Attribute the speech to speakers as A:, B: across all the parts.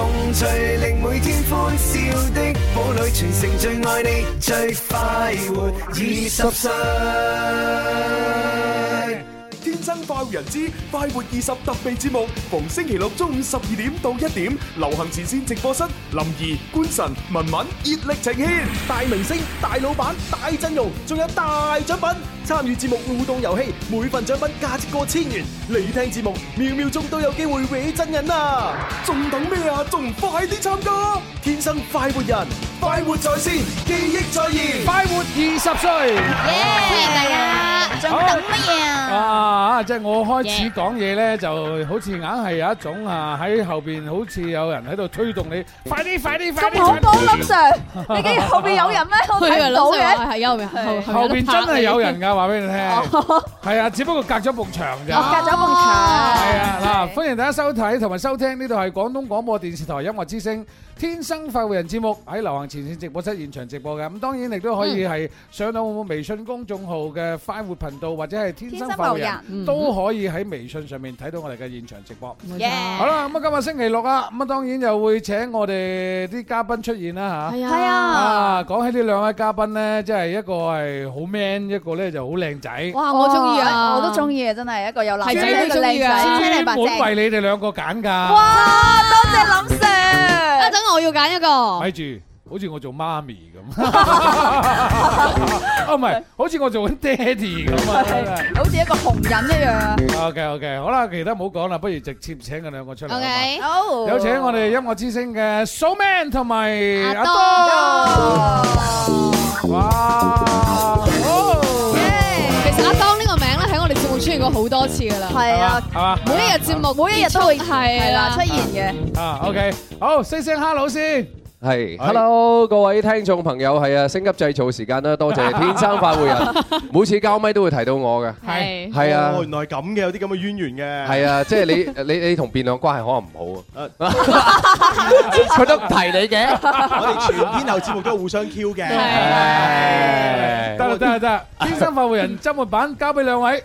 A: 共隨令每天歡笑的婦女，全城最愛你，最快活二十歲。
B: 快活人之快活二十特備節目，逢星期六中午十二點到一點，流行前線直播室，林怡、官臣、文文、熱力呈現，大明星、大老闆、大陣容，仲有大獎品，參與節目互動遊戲，每份獎品價值過千元，嚟聽節目，秒秒鐘都有機會搵真人啊！仲等咩啊？仲唔快啲參加？天生快活人，快活在線，記憶再現，快活二十歲，
C: 係啊！仲等乜嘢啊？啊！
D: 即係。我開始講嘢咧，就好似硬係有一種啊，喺後邊好似有人喺度推動你，快啲快啲快啲！咁好多碌石，你竟然後邊有人咩？我睇唔到嘅，係係
C: 有嘅，後邊真係有人
D: 噶，話俾你聽，係啊，只不過隔咗埲牆咋，隔咗埲牆係啊！嗱，歡迎大家收睇同埋收聽呢度係廣東廣播電視台音樂之聲天生快活人節目喺流行前線直播室現場直播嘅。咁當然你都可以係上到我微信公眾號嘅快活頻道，或者係天生快活人都。都可以喺微信上面睇到我哋嘅現場直播。好啦，咁啊今日星期六啊，咁啊當然就會請我哋啲嘉賓出現啦吓。係啊，講起呢兩位嘉賓咧，即係一個係好 man，一個咧就好靚仔。哇，我中意啊，我都
C: 中意啊，真係一個有男仔嘅靚仔。我滿為
D: 你哋兩個揀噶。哇，
C: 多謝林 Sir。一陣我要揀一個。
D: 咪住。好似我做媽咪咁，啊唔係，好似我做緊爹哋咁啊，
C: 好似一個紅人一樣。
D: OK OK，好啦，其他唔好講啦，不如直接請佢兩個出嚟。OK，
A: 好，有請我
D: 哋音樂之星嘅 Showman 同埋阿當。
A: 哇，
C: 好，其實阿當呢個名咧，喺我哋節目出現過好多次噶啦，係啊，每一日節目每一日都會係啦出現嘅。
E: 啊
D: OK，好，先聲 Hello 先。.
E: 係，Hello，各位聽眾朋友，係啊，升級製造時間啦，多謝天生快活人，每次交咪都會提到我嘅，係係啊，原
B: 來咁嘅，有啲咁嘅淵源嘅，係啊，即係你你
E: 你同變亮關係可能唔好
B: 啊，佢都唔提你嘅，我哋全天候節目都互相 Q 嘅，係
D: 得得得，天生快活人周末版交俾兩位，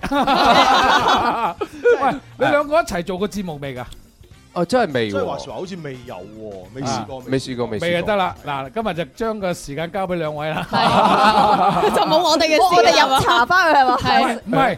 D: 喂，你兩個一齊做過節目未噶？
E: 哦、啊，真係未喎，即係話話好
B: 似未有
A: 喎，
D: 未試過，未試過，未試過得啦。嗱，今日就將個時間交畀兩位啦，
A: 就冇 我哋嘅，我哋飲茶翻去係嘛，
C: 唔
D: 係。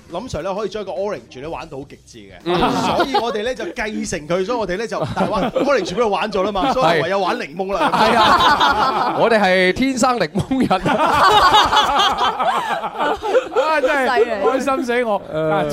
B: 林 Sir 咧可以將個 Orange 咧玩到好極致嘅，所以我哋咧就繼承佢，所以我哋咧就但係玩 Orange 喺度玩咗啦嘛，所以唯有玩檸檬啦。我哋係天生檸檬人，啊真係
E: 開
D: 心死我！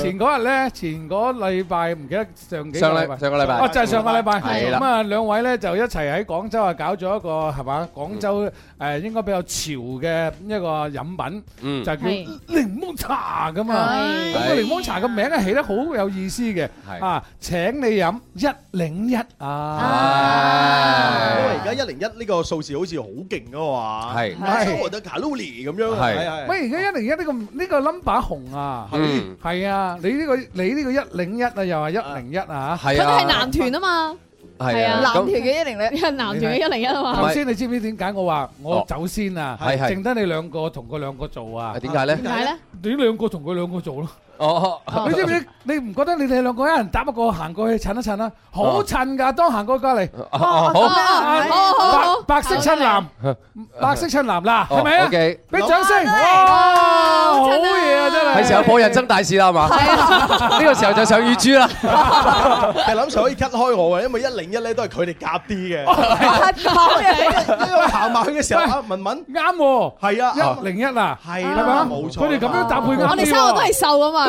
D: 前嗰日咧，前嗰禮拜唔記得上幾上禮上個禮拜，哦就係上個禮拜。咁啊，兩位咧就一齊喺廣州啊搞咗一個係嘛？廣州誒應該比較潮嘅一個飲品，就叫檸檬茶㗎嘛。咁個檸檬茶個名啊起得好有意思嘅，的啊請你飲一零一啊，
B: 啊的因為而家一零一呢個數字好似好勁嘅話，係的，阿蘇卡路里咁樣，係的，喂
D: 而家一零一呢個呢、呢個 number 紅啊？係啊的、嗯，你呢、呢個你呢個一零一啊，又係一零一啊，係啊，佢哋係男
C: 團啊嘛。係啊，男團嘅一零一，男團嘅一零一啊嘛。頭先
D: 你知唔知點解我話我走先啊？剩得你兩個同佢兩個做啊，啊？點解咧？點解咧？你兩個同佢兩個做咯，啊。哦，你知唔知？你唔覺得你哋兩個一人搭一個行過去襯一襯啊？好襯噶，當行過隔籬。好，
A: 好好好，白色襯藍，
E: 白色襯藍啦，
A: 係咪？O
B: K，俾掌聲！哇，好嘢啊，真係。係時候破人
E: 生大事啦，係嘛？呢個時候就上乳豬啦。
B: 係諗住可以 cut 開我嘅，因為一零一咧都係佢哋夾啲嘅。係
A: 好
B: 嘢，呢個行埋去嘅時候，文文啱喎，係啊，一零一啊，係啦，冇錯。佢哋咁樣搭配啱啲喎。我哋三個都係
C: 瘦啊嘛。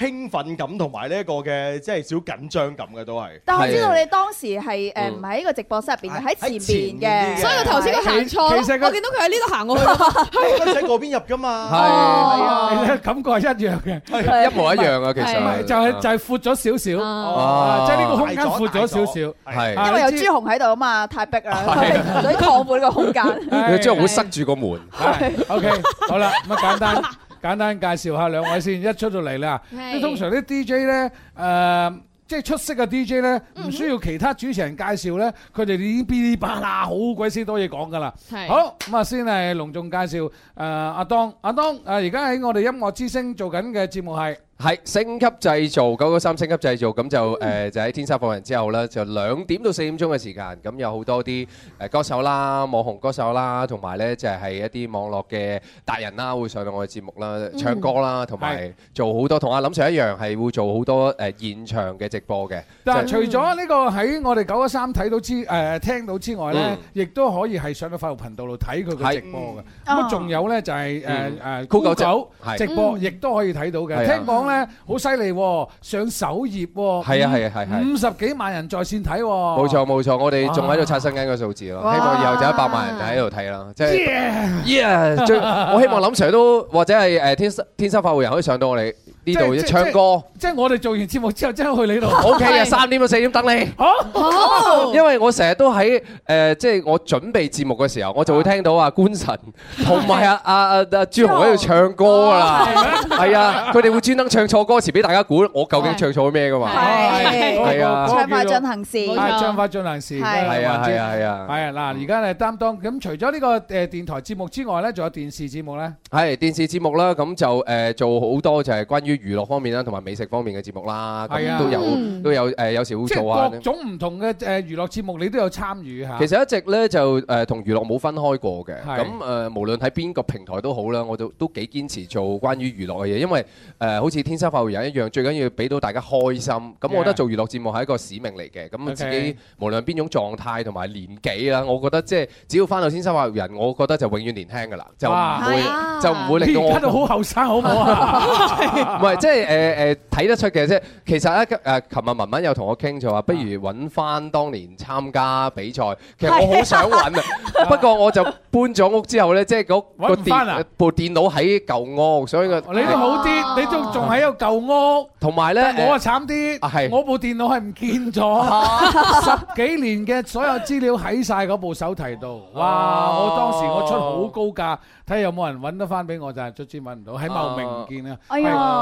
B: 興奮感同埋呢一個嘅即係少緊張感嘅都係，但係我知道你
C: 當時係誒唔喺個直播室入邊，係喺前面嘅，所以頭先都行錯，其實我見到佢喺呢度行，我喺
B: 嗰邊入㗎嘛，
D: 係啊，感覺係一樣嘅，係一模一樣啊，其實就係就係闊咗
C: 少少，即
D: 係呢個空間闊
E: 咗少少，係因
C: 為有朱紅喺度啊嘛，太逼啦，所以擴闊呢個空間，
D: 朱紅
E: 會塞住個門
D: ，OK，好啦，咁簡單。簡單介紹下兩位先，一出到嚟咧，即 通常啲 DJ 咧，誒、呃，即、就、係、是、出色嘅 DJ 咧，唔需要其他主持人介紹咧，佢哋已經噼哩啪啦好鬼死多嘢講㗎啦。係，言語好，咁啊，先係隆重介紹誒阿當，阿當誒而家喺我哋音樂之聲做緊嘅節目係。
E: 係升級製造，九九三升級製造。咁就誒就喺天生放完之後咧，就兩點到四點鐘嘅時間，咁有好多啲誒歌手啦、網紅歌手啦，同埋咧就係一啲網絡嘅達人啦，會上到我哋節目啦，唱歌啦，同埋做好多同阿林尚一樣係會做好多誒現場嘅直播嘅。嗱，除咗
D: 呢個喺我哋九九三睇到之誒聽到之外咧，亦都可以係上到泛華頻道度睇佢嘅直播嘅。咁仲有咧就係誒誒酷狗走直播，亦都可以睇到嘅。聽講咧。好犀利，上首頁，係啊係啊係，五十幾萬人在線睇，哦，冇錯
E: 冇錯，我哋仲喺度刷新緊個數字咯，希望以後就一百萬人喺度睇啦，即係
D: ，yeah, yeah 我希望林
E: Sir 都或者係誒天，天生天生發會人，可以上到我哋。呢度一唱歌，
D: 即係我哋做完節目之後，即
E: 刻去你度。O K 啊，三點到四點等你。好，因為我成日都喺誒，即係我準備節目嘅時候，我就會聽到啊，官晨同埋啊啊啊朱紅喺度唱歌噶啦。係啊，佢哋會專登唱錯歌詞俾大家估，我究竟唱錯咩噶嘛？係，係啊，《唱法進
D: 行時》，《唱法進行時》係啊，係啊，係啊，係啊。嗱，而家係擔當咁，除咗呢個誒電台節目之外咧，仲有電視節目咧？
E: 係電視節目啦，咁就誒做好多就係關於。於娛樂方面啦，同埋美食方面嘅節目啦，咁都有、嗯、都有誒、呃，有時會做下、啊、即係各種
D: 唔同嘅誒、呃、娛樂節目，你都有參與嚇。其實一直
E: 咧就誒同、呃、娛樂冇分開過嘅，咁誒是、嗯呃、無論喺邊個平台都好啦，我都都幾堅持做關於娛樂嘅嘢，因為誒、呃、好似天生快活人一樣，最緊要俾到大家開心。咁我覺得做娛樂節目係一個使命嚟嘅，咁自己 Okay. 無論邊種狀態同埋年紀啦，我覺得即係只要翻到天生快活人，我覺得就永遠年輕噶啦，就唔會、啊、就唔會令到我而家都好
D: 後生，好唔好啊？
E: 唔係、啊，即係誒誒睇得出嘅啫。其實咧，誒琴日文文有同我傾就話，不如揾翻當年參加比賽。其實我好想揾啊，不過我就搬咗屋之後咧，即係嗰個電部電腦喺舊屋，啊、所以、嗰個你都好啲，
D: 你都仲喺個舊屋。
E: 同埋咧，我慘啊
D: 慘啲，我部電腦係唔
A: 見咗，啊、
D: 十幾年嘅所有資料喺晒嗰部手提度。哇！啊、我當時我出好高價。睇有冇人揾得翻俾我，就係卒之揾唔到，喺茂名唔見啊！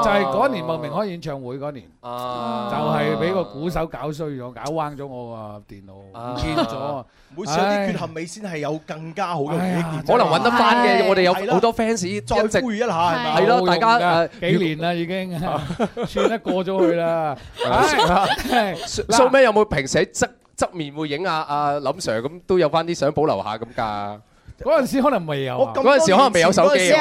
D: 就係嗰年茂名開演唱會嗰年，
A: 就係俾
B: 個鼓手搞衰咗，搞彎咗我個電腦，唔見咗。每次有啲缺陷，味先係有更加好嘅體驗。可能揾得翻嘅，我哋有好多 fans 再追一
E: 下，係咯，大家幾年啦已
B: 經，算得過咗去啦。
E: 收尾有冇平時喺側側面會影啊？阿林 Sir 咁都有翻啲相保留下咁㗎。嗰陣時可能未有，
A: 嗰陣可能未有手機。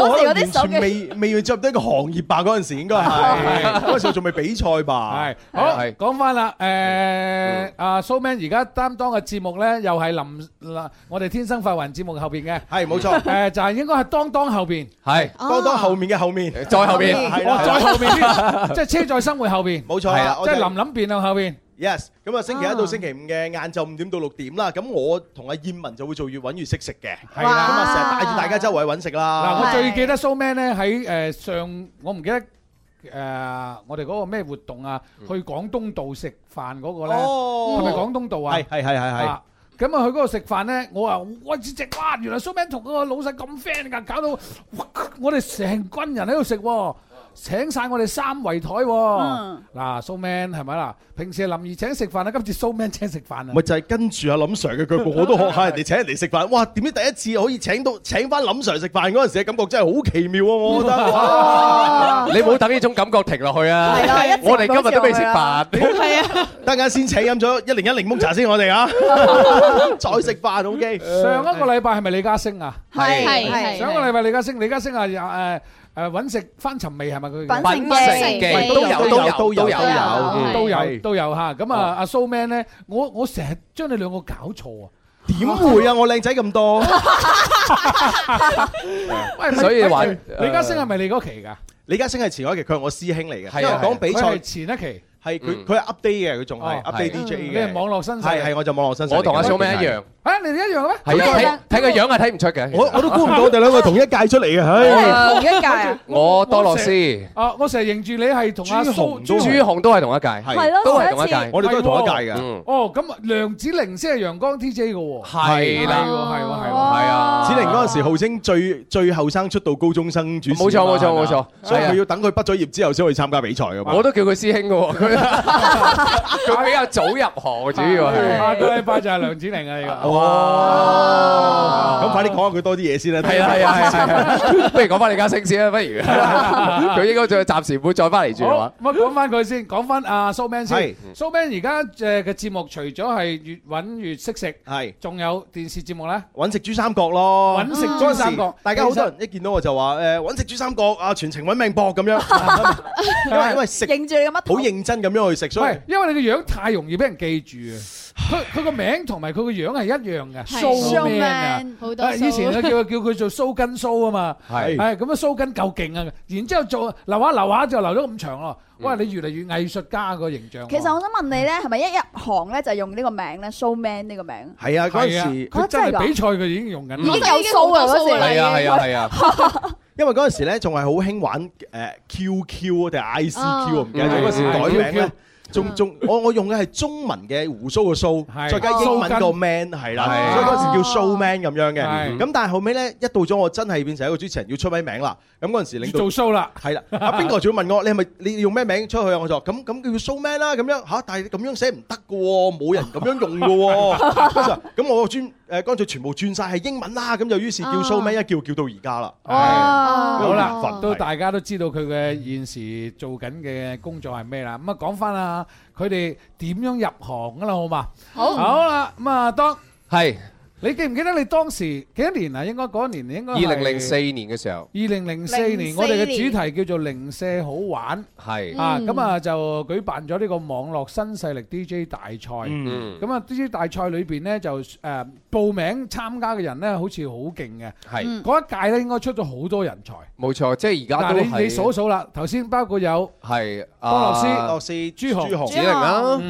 E: 我哋完全未
B: 未要進入到一個行業吧？嗰陣時應該係嗰時仲未比賽吧？係好講翻啦，誒阿 Showman 而家擔當嘅節目
D: 咧，又係林我哋天生快活節目後邊嘅，係冇錯。誒就係應該係當當後邊，
B: 係當當後面嘅後面，再後邊，
D: 再後邊，即係
B: 車載生
A: 活
D: 後邊，冇錯，即係林林邊啊後邊。
B: yes，咁啊星期一到星期五嘅晏晝五點到六點啦，咁我同阿燕文就會做越揾越識食嘅，係啦，咁啊成日帶住大家周圍揾食啦。嗱，我最
D: 記得 Showman 咧喺誒上，我唔記得誒我哋嗰個咩活動啊，去廣東道食飯嗰個咧，係咪廣東道啊？係係係係，咁啊去嗰度食飯咧，我啊我只只哇，原來 Showman 同嗰個老細咁 friend 㗎，搞到我哋成軍人喺度食喎。請晒我哋三圍台，嗱，Showman 係咪啦？平時係林儀請食飯啊，今次 Showman 請食飯啊。咪就
B: 係跟住阿林 Sir 嘅腳步，我都學下人哋請人哋食飯。哇，點知第一次可以請到請翻林 Sir 食飯嗰陣時嘅感覺真係好奇妙啊！我覺得，你唔好等呢種感覺停落去啊！我哋今日都未食飯。係啊，等間先請飲咗一零一檸檬茶先，我哋啊，再食飯。OK。上一個禮拜係咪李家升啊？係係。上個禮拜李家
D: 升，李家升啊，又誒。誒，揾食翻尋味係咪佢？揾食都有都有都有都有都有都有嚇咁啊！阿蘇 man 咧，我我成日將你兩個搞
B: 錯啊！點會啊？我靚仔咁多，所以話李嘉昇係咪你嗰期㗎？李嘉昇係前一期，佢係我師兄嚟嘅。係係係，講比賽前一期係佢，佢係 update 嘅，佢仲係 update DJ 嘅。你係網絡新星，係係，我就網絡新星。我同阿蘇 man 一樣。
D: 啊，你哋一樣嘅咩？係啊，
E: 睇個樣係睇唔出嘅。我我都估唔到我哋兩個同一屆出嚟嘅。我係同一屆啊！
D: 我多
E: 洛斯。
D: 哦，我成日認住你係同阿朱紅
E: 都朱紅都係同一屆，係咯，都係同一屆。我哋都係同一屆嘅。
D: 哦，咁梁子玲先係陽光 DJ 嘅喎。係啦，係喎，係喎，係啊！子玲嗰
B: 陣時號稱最最後生出道高中生主持。冇錯，冇錯，冇錯。所以佢要等佢畢咗業之後先可以參加比賽嘅。我都叫佢師
E: 兄嘅喎。佢比較早入行主要。下個禮拜就係梁子玲啊！呢個。哇！咁快啲講下佢多啲嘢先啦。係啦，係啊，不如講翻你家星先啦。不如佢應該仲暫時唔會再翻嚟住係嘛？
D: 唔好講翻佢先，講翻阿 Showman 先。Showman 而家嘅節目除咗係越搵越識食，
B: 係仲有電視節目咧，搵食珠三角咯。搵食珠三角，大家好多人一見到我就話誒，搵食珠三角啊，全程搵命搏咁樣。
C: 因為食，
B: 好認真咁樣去食，唔係因為你個樣太容易俾人記住啊。佢佢個名同埋佢
D: 個樣係一樣嘅，Showman，以前咧叫叫佢做 Show 跟 Show 啊嘛，係咁啊 Show 跟夠勁啊！然之後做留下留下就留咗咁長咯，哇！你越嚟越藝術家個形象。其實
C: 我想問你咧，係咪一入行咧就用呢個名咧，Showman 呢個名？係啊，嗰
D: 陣
A: 時佢真係比
D: 賽，佢已經用緊。
C: 已經有 Show 啊，嗰時
D: 係啊係啊係啊，
B: 因為嗰陣時咧仲係好興玩誒 QQ 啊定係 ICQ 啊，唔記得咗嗰時改名咧。中中，我我用嘅係中文嘅胡鬚嘅須，是再加英文個 man 係啦，所以嗰陣時叫 show man 咁樣嘅。咁是但係後尾咧，一到咗我真係變成一個主持人，要出位名啦。咁嗰陣時，你做 show 啦，係啦了。阿邊個仲要問我，你係咪你用咩名出去啊？我話咁咁叫 show man 啦、啊，咁樣嚇、啊。但係咁樣寫唔得嘅喎，冇人咁樣用嘅喎。咁 我專。誒，乾脆全部轉曬係英文啦，咁就於是叫 Showman，一叫叫到而家啦。
A: 好啦，到
D: 大家都知道佢嘅現時做緊嘅工作係咩啦。咁啊，講翻啊，佢哋點樣入行㗎啦，好嘛？好啦，咁啊，當
E: 係。你記唔記得你當
D: 時幾多年啊？應該嗰一年應該係二零零四年嘅時候。二零零四年，我哋嘅主題叫做零舍好玩，係啊，咁啊就舉辦咗呢個網絡新勢力 DJ 大賽。嗯，咁啊 DJ 大賽裏邊咧就誒報名參加嘅人咧，好似好勁嘅。係嗰一屆咧，應該出咗好
E: 多人才。冇錯，即係而家都係。但係你你數一
D: 數啦，頭先包括有
E: 係阿朱紅子玲啦。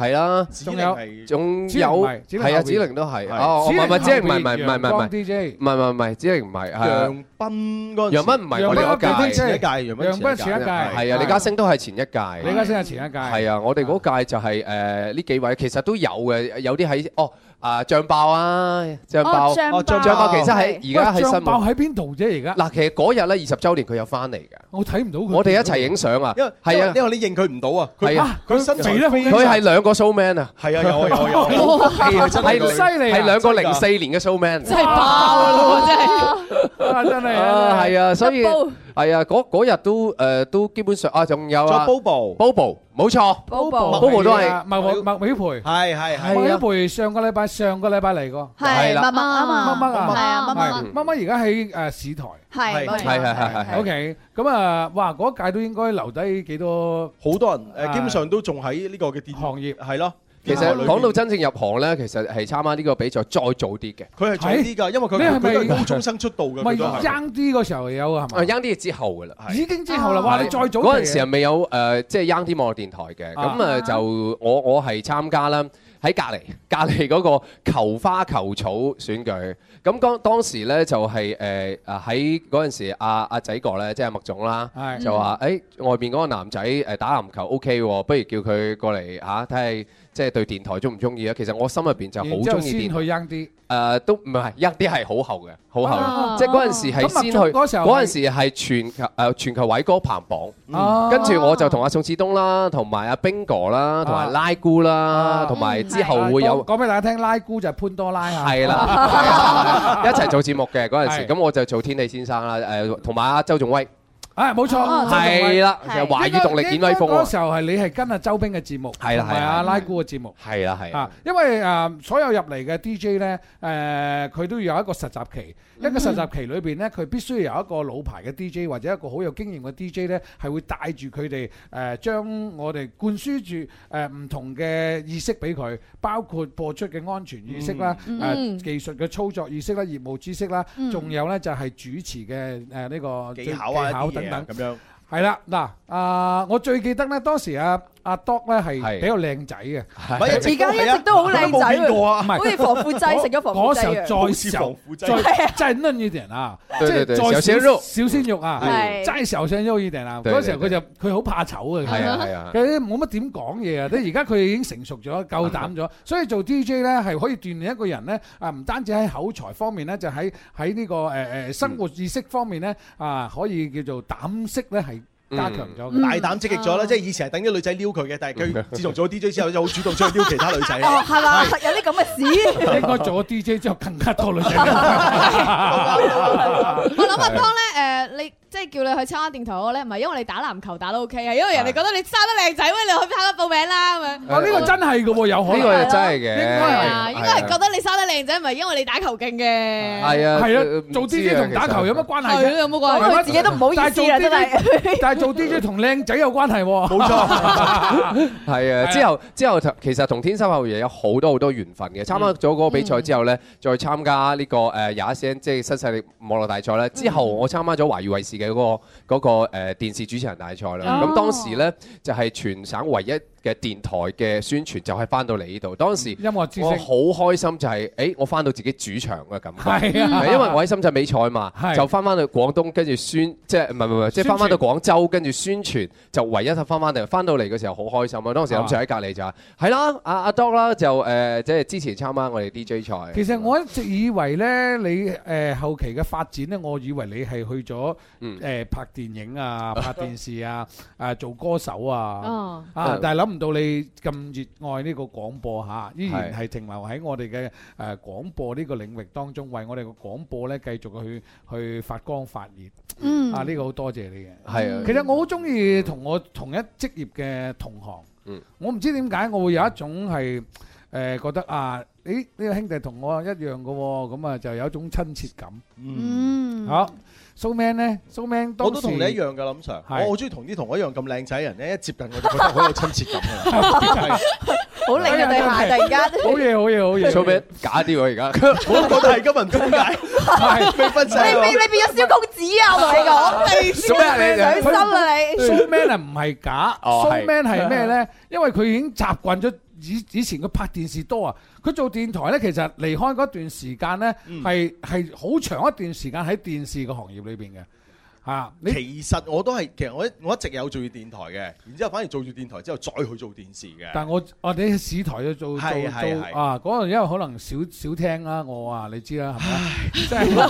E: 係啦，仲有，仲有，係啊，子凌都係。哦，唔係唔係，子凌唔係，唔係唔係唔係唔係，唔係唔係，子凌唔係。楊
A: 斌嗰，楊斌唔係我哋嗰屆，前一屆，楊斌前一屆，係啊，李嘉
E: 升都係前一屆。李嘉升係前一屆。係啊，我哋嗰屆就係誒呢幾位，其實都有嘅，有啲喺哦啊醬爆啊，醬爆，哦醬爆，其實喺而家喺新。爆喺邊度啫？而家嗱，其實嗰日咧二十週年佢有翻嚟嘅。我睇唔到佢。我哋一齊影相啊！因為係啊，因為你認佢唔到啊。係啊，佢身材，佢係兩個。個 Showman 啊，係
A: 啊，有啊有啊，係真
D: 係犀利，係兩個零四
E: 年嘅 Showman，真係
A: 爆啊！真係，真係啊，係啊，所以。
E: 係啊，嗰嗰日都誒都基本上啊，仲有啊，Bobo Bobo 冇錯
D: ，Bobo Bobo 都係麥麥麥美培，係係係啊，麥美
E: 培上個禮拜上
D: 個禮拜嚟過，係
C: 麥麥啊嘛，麥麥啊，麥麥
D: 麥麥而家喺誒市台，
C: 係
E: 係係係 OK，咁啊哇嗰一屆都應該留低幾多，好多人誒，基本上都仲喺呢個嘅電行業係咯。其實講到真正入行咧，其實係參加呢個比賽再早啲嘅。佢係早啲㗎，是因為佢佢係高中生出道嘅。唔係 是 young 啲嗰時候有啊？係咪？係 young 啲之後㗎啦，已經之後啦。哇、啊、你再早嗰陣時係未有誒，即、呃、係、就是、young 啲網絡電台嘅。咁誒、啊、就我我係參加啦。喺隔離，隔離嗰個球花球草選舉，咁、嗯、當當時呢，就係、是、誒、呃、啊喺嗰陣時，阿、啊、阿仔哥呢，即係麥總啦，是就話誒、欸、外面嗰個男仔誒、呃、打籃球 OK 喎、哦，不如叫佢過嚟吓睇下，即係對電台鍾唔鍾意啊。其實我心入邊就好鍾意電誒都唔係一啲係好後嘅，好後嘅，即係嗰陣時係先去嗰陣時係全球誒全球偉哥排行榜，跟住我就同阿宋智東啦，同埋阿冰哥啦，同埋拉姑啦，同埋之後會有講
D: 俾大家聽，拉姑就係潘多拉啊，係
E: 啦，一齊做節目嘅嗰陣時，咁我就做天地先生啦，誒同埋阿周仲威。係冇錯，係啦，其實華語獨立顯威風啊！嗰個時候係你
D: 係跟阿周兵嘅節目，係咪啊拉姑嘅節目？
E: 係啦係啊，
D: 因為誒所有入嚟嘅 DJ 咧，誒佢都要有一個實習期，一個實習期裏邊咧，佢必須要有一個老牌嘅 DJ 或者一個好有經驗嘅 DJ 咧，係會帶住佢哋誒，將我哋灌輸住誒唔同嘅意識俾佢，包括播出嘅安全意識啦，誒技術嘅操作意識啦，業務知識啦，仲有咧就係主持嘅誒呢個技巧啊，技巧等。咁、 嗯、樣係啦，嗱，啊、呃，我最記得咧，當時啊。阿當咧，係比較靚仔嘅，而家一直都好靚仔嘅，好似防腐劑，
C: 食咗防腐劑。嗰時候
D: 再瘦，嫩於人啊！即係再小肉，小鮮肉啊！齋受鮮肉於人啊！嗰時候佢就佢好怕醜啊，其實佢冇乜點講嘢啊！即係而家佢已經成熟咗，夠膽咗，所以做 DJ 咧，係可以鍛煉一個人咧啊！唔單止喺口才方面咧，就喺喺呢個誒誒生活意識方面
B: 咧啊，可以叫做膽識咧係。加強咗，嗯、大膽積極咗啦！即係以前係等啲女仔撩佢嘅，但係佢自從做咗 D J 之後，就好主動出去撩其他女仔哦，係啦，
C: 有啲咁嘅事。 應該做咗
B: D J 之後，更加多女仔。我諗阿當
C: 咧，誒、呃、你。即係叫你去參加電台嗰個咧，唔係因為你打籃球打得 OK 啊，因為人哋覺得你生得靚仔，喂，你去參加報名啦咁樣。啊，呢個真
D: 係噶，有可呢個係真係嘅。應該係覺得
C: 你生得靚仔，唔係因為你打球勁嘅。係啊，
D: 係啊，做 DJ 同打球有乜
C: 關係咧？有冇啩？自己都唔好意思啦。
D: 但係做 DJ 同靚仔有關係喎。冇錯。
E: 係啊，之後之後其實同天生后爺有好多好多緣分嘅。參加咗嗰個比賽之後咧，再參加呢個誒，廿一即係新勢力網絡大賽咧。之後我參加咗華語衛視嘅。嗰、那個嗰、那個誒、呃、電視主持人大賽啦，咁、oh. 嗯、當時呢就係、是、全省唯一嘅電台嘅宣傳，就係翻到嚟呢度。當時我好開心、就是，就係誒我翻到自己主場嘅感覺，啊嗯、因為我喺深圳比賽嘛，啊、就翻翻去廣東，跟住宣即係唔係唔係，即係翻翻到廣州，跟住宣傳就唯一翻翻嚟，翻到嚟嘅時候好開心啊！當時諗住喺隔離就係、是、係、啊、啦，阿、啊、阿、啊、當啦就誒即係支持參加我哋 DJ 賽。其
D: 實我一直以為呢，你誒、呃、後期嘅發展呢，我以為你係去咗嗯。呃、拍電影啊，拍電視啊，啊、呃，做歌手啊，oh. 啊，但係諗唔到你咁熱愛呢個廣播嚇、啊，依然係停留喺我哋嘅誒廣播呢個領域當中，為我哋嘅廣播呢繼續去去發光發熱。嗯，mm. 啊，呢、呢個好多謝你嘅。係啊，其實我好中意同我同一職業嘅同行。Mm. 我唔知點解我會有一種係誒、呃、覺得啊，你呢、呢個兄弟
B: 同我一樣嘅、哦，咁啊就有一種親切感。嗯，mm. mm.
D: 好。Showman 咧，Showman，我都同你一樣
B: 嘅諗想，我好中意同啲同我一樣咁靚仔人咧，一接近我就覺得好有親切
E: 感㗎啦，好令人大
C: 突然間，
B: 好嘢好嘢好嘢，Showman
E: 假啲喎而家，我都覺得係今日中介，你
A: 變你變咗小公子啊我同
C: 你講，做咩
A: 你水深啊你，Showman
D: 唔係假，Showman 係咩咧？因為佢已經習慣咗。以以前佢拍電視多啊，佢做電台呢，其實
B: 離開嗰段時間呢，係係好長一段時間喺電視嘅行業裏面嘅。嚇！你其實我都係，其實我我一直有做電台嘅，然之後反而做住電台之後再去做電視嘅。但係
D: 我我哋喺市台都做做做啊，嗰陣因為可能少少聽啦，我話你知啦。唉，係咪，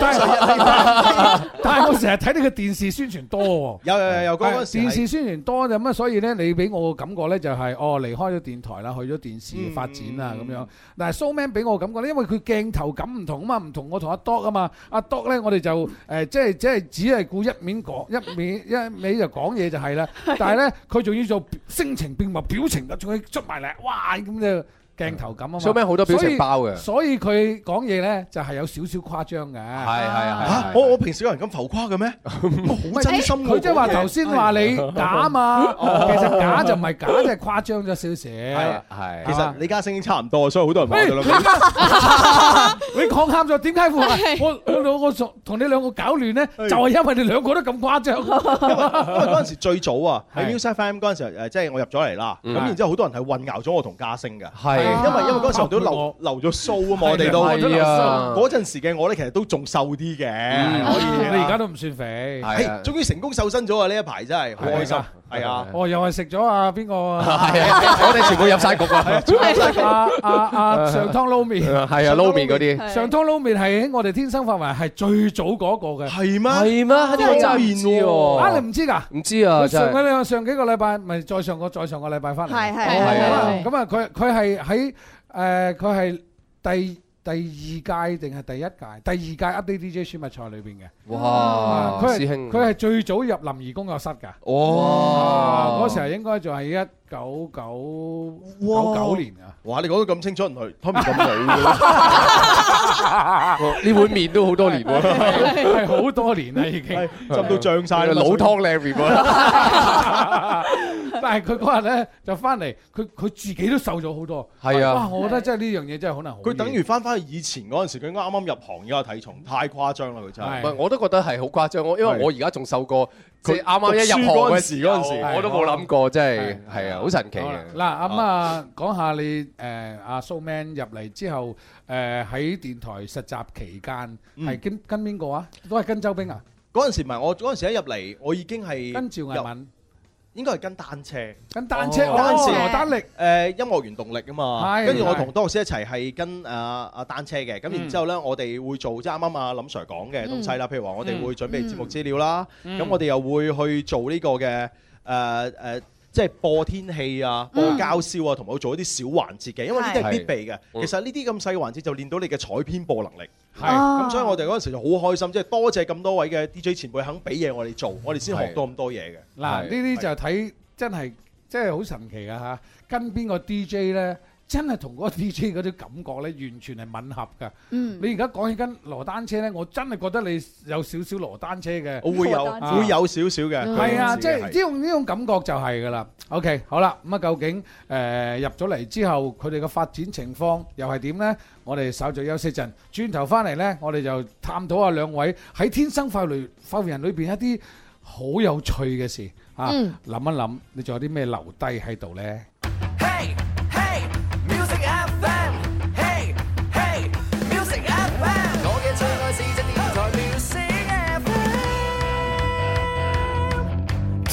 A: 但係
D: 但係我成日睇你個電視宣傳多，有有有嗰個電視宣傳多就乜，所以咧你俾我嘅感覺咧就係哦離開咗電台啦，去咗電視發展啊咁樣。嗱，Showman 俾我嘅感覺咧，因為佢鏡頭感唔同啊嘛，唔同我同阿當啊嘛，阿當咧我哋就誒即係即係。只係顧一面講一面一味就講嘢就係啦，但係咧佢仲要做聲情並茂表情，仲要出埋嚟，哇咁就鏡頭感啊嘛。所以好多表情包嘅。所以佢講嘢咧就係有少少誇張嘅。係係啊！我我平時有人咁浮
B: 誇嘅咩？好真心嘅。佢即係話頭先話你假嘛，其實假就唔係假，即係誇張咗少少。係係。其實你家聲已經差唔多，所以好多人都我喊咗，點解
D: 我我同你兩個搞亂咧？就係因為你兩個都咁誇張，因
B: 為嗰陣時最早啊，喺 Music Fam 嗰陣時誒，即係我入咗嚟啦。咁然之後，好多人係混淆咗我同嘉升嘅，係因為因為嗰陣時我都留留咗鬚啊嘛，我哋都啊嗰陣時嘅我咧，其實都仲瘦啲嘅，可以。你而家都唔算肥，係終於成功瘦身咗啊！呢一排真係好開心。係啊！我，又係食咗
D: 啊！邊個啊？係啊！我哋全
E: 部入晒局啦！啊啊啊！上湯撈麵係啊，撈麵嗰啲。
D: 上湯撈麵係喺我哋天生發圍係最早嗰個嘅。係咩？係咩？喺度爭先知哦！啊，你唔知噶？唔知啊！上個禮上幾個禮拜，咪再上個再上個禮拜翻嚟。係係。咁啊，佢佢係喺誒，佢係第。第二屆定係第一屆？第二屆 Up The DJ 選物賽裏邊嘅，哇！師兄，佢係最早入林儀工作室㗎。
A: 哇！嗰時候
D: 應該就係
B: 一九九九九年啊！哇！你講得咁清楚，佢去，Tommy 咁老㗎啦！
A: 呢碗
E: 麵都好多年
A: 喎，好
E: 多年啦已經，浸到脹晒啦，老 Tom
A: 但係佢
D: 嗰日咧就翻嚟，佢佢自己都瘦咗好多。係啊，哇！我覺得真係呢樣嘢真係好難好。佢等於
B: 翻翻去以前嗰陣時，佢啱啱入行，而家嘅體重太誇張啦，佢真係。唔係，我都覺得係好誇
E: 張。我因為我而家仲瘦過佢啱啱一入行嗰時嗰陣時，我都冇諗過，真係。係啊，好神奇。好啦，嗱咁啊，
D: 講下你誒阿 Showman 入嚟之後，
B: 誒喺電台實習期間係跟跟邊個啊？
D: 都係跟周兵啊？嗰
B: 陣時唔係，我嗰陣時一入嚟，我已經係跟趙藝敏。應該係跟單車，跟單車，單車和單力，誒，音樂原動力啊嘛。跟住我同多老師一齊係跟阿阿單車嘅。咁然之後咧，我哋會做即啱啱阿林 sir 講嘅東西啦。譬如話我哋會準備節目資料啦。咁我哋又會去做呢個嘅誒誒，即係播天氣啊、播交笑啊，同埋做一啲小環節嘅，因為呢啲係必備嘅。其實呢啲咁細嘅環節就練到你嘅採編播能力。係，咁所以我哋嗰陣時就好開心，即係多謝咁多位嘅 DJ 前輩肯俾嘢我哋做，我哋先學到咁多嘢嘅。嗱，呢啲就
D: 係睇，真係，真係好神奇㗎吓，跟邊個 DJ 咧？真係同嗰 DJ 嗰啲感覺咧，完全係吻合噶。嗯，你而家講起緊羅單車咧，我真係覺得你有少少羅單車嘅。我會有，會有少少嘅。係啊，即係呢種呢種感覺就係㗎啦。OK，好啦，咁啊，究竟誒入咗嚟之後，佢哋嘅發展情況又係點咧？我哋稍作休息陣，轉頭翻嚟咧，我哋就探討下兩位喺《天生快活人》裏邊一啲好有趣嘅事啊。諗一諗，你仲有啲咩留低喺度咧？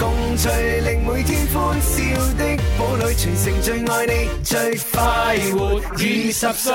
A: 共隨令每天歡笑的母女，全城最愛你，最快活二十歲。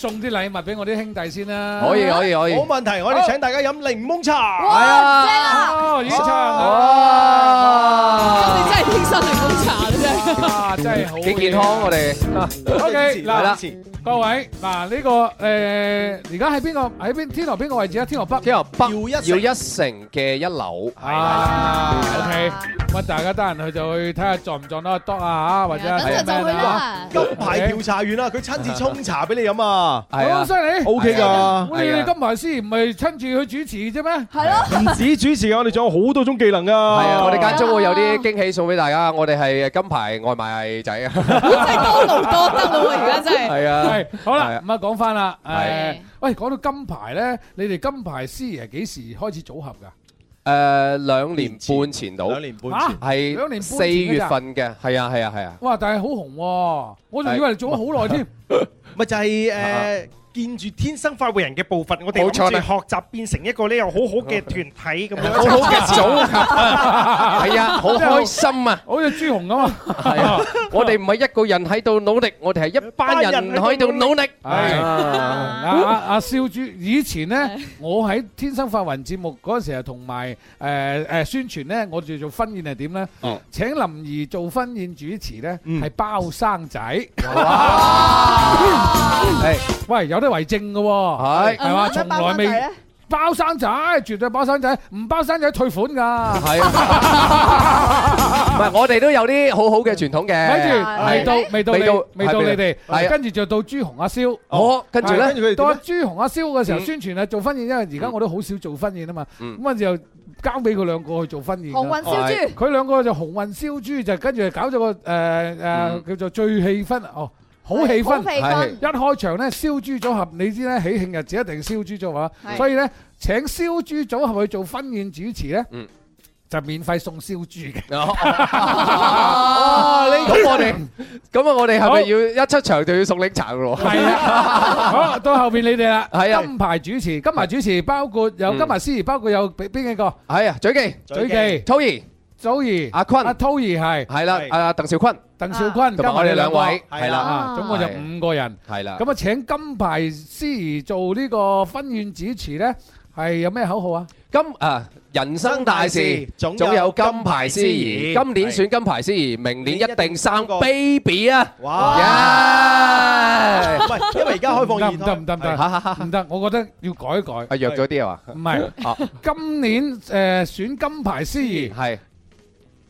D: 送啲禮物俾我啲兄弟先啦，啊，可以可以可
B: 以，冇 問題，我哋請大家飲檸檬茶。哇，好正啊！檸檬茶，哇，咁你真係天生檸檬茶。哇，真係好幾健康我哋。
A: O K 嗱，
D: 各位嗱呢個，誒，而家喺邊個喺邊？天河邊個位置啊？天河北，天河北要一要一成嘅一樓。係 O K，咁大家得閒去就去睇下撞唔撞到阿當啊？或者係咪？金牌調
B: 查員啊，佢親自沖茶俾你飲啊！好犀利，O K 噶。你哋金牌
D: 師唔係親自去主持啫咩？係咯，唔
E: 止主持啊！我哋仲有好多種技能噶。係啊，我哋間中會有啲驚喜送俾大家。我哋係金牌。外賣仔啊！真係
D: 多勞多得咯，而家真係。係啊，
E: 好啦，咁啊講翻啦。係喂，講到金牌咧，你
D: 哋金牌師爺係幾時開始組
E: 合噶？誒，兩年半前到，兩年半前係兩年半四月份嘅，係啊，係啊，係啊。
B: 哇！但係好紅，我仲以為你做咗好耐添，咪就係誒。見住天生快活人嘅部分，我哋冇錯，係學習變成一個呢又好好嘅團體咁樣好好嘅組合。係啊，好開心啊，好似朱紅咁啊。係啊，我哋唔係一個人喺度努力，
D: 我
E: 哋係一班
D: 人喺度努力。係啊，阿阿少主，以前咧我喺天生快活節目陣時候同埋誒誒宣傳咧，我哋做婚宴係點咧？請林怡做婚宴主持咧，係包生仔。係喂，有啲。為證嘅係係嘛，從來未包生仔，絕對包生仔，唔包生仔退款噶。係
E: 唔係？我哋都有啲好好嘅傳統嘅。跟住未到？未到？未到？未到
A: 你哋。係跟
D: 住就到朱紅阿蕭。我跟住咧，到阿朱紅阿蕭嘅時候，宣傳啊做婚宴，因為而家我都好少做婚宴啊嘛。咁啊，就交俾佢兩個去做婚宴。紅運燒豬，佢兩個就紅運燒豬，就跟住就搞咗個誒誒，叫做聚氣氛哦。好氣氛，一開場咧，燒豬組合，你知咧，喜慶日子一定燒豬組合，所以咧請燒豬組合去做婚宴主持咧，就免費送燒豬嘅。
A: 哇！呢個我哋
D: 咁啊，我哋係咪要一出場就要送檸茶嘅喎？係啊，好，到後邊你哋啦，係啊，金牌主持，金牌
E: 主持包括有金牌
D: 司儀，包括有邊幾個？
E: 係啊，嘴記嘴記，秋怡。祖兒、阿坤、阿濤兒，係係啦，阿阿，鄧兆坤、鄧兆坤，同埋我哋兩位係啦，總共就五個人係啦。咁
D: 啊，請金牌司儀做呢個婚宴主持咧，係有咩口號啊？
E: 金啊，人生大事總有金牌司儀。今年選金牌司儀，明年一定生個 baby 啊！哇！唔
D: 係，因為而家開放二
E: 胎唔得、唔得、唔得，我覺得要改一改
D: 啊，弱咗啲啊嘛？唔係，今年誒選金牌司儀係。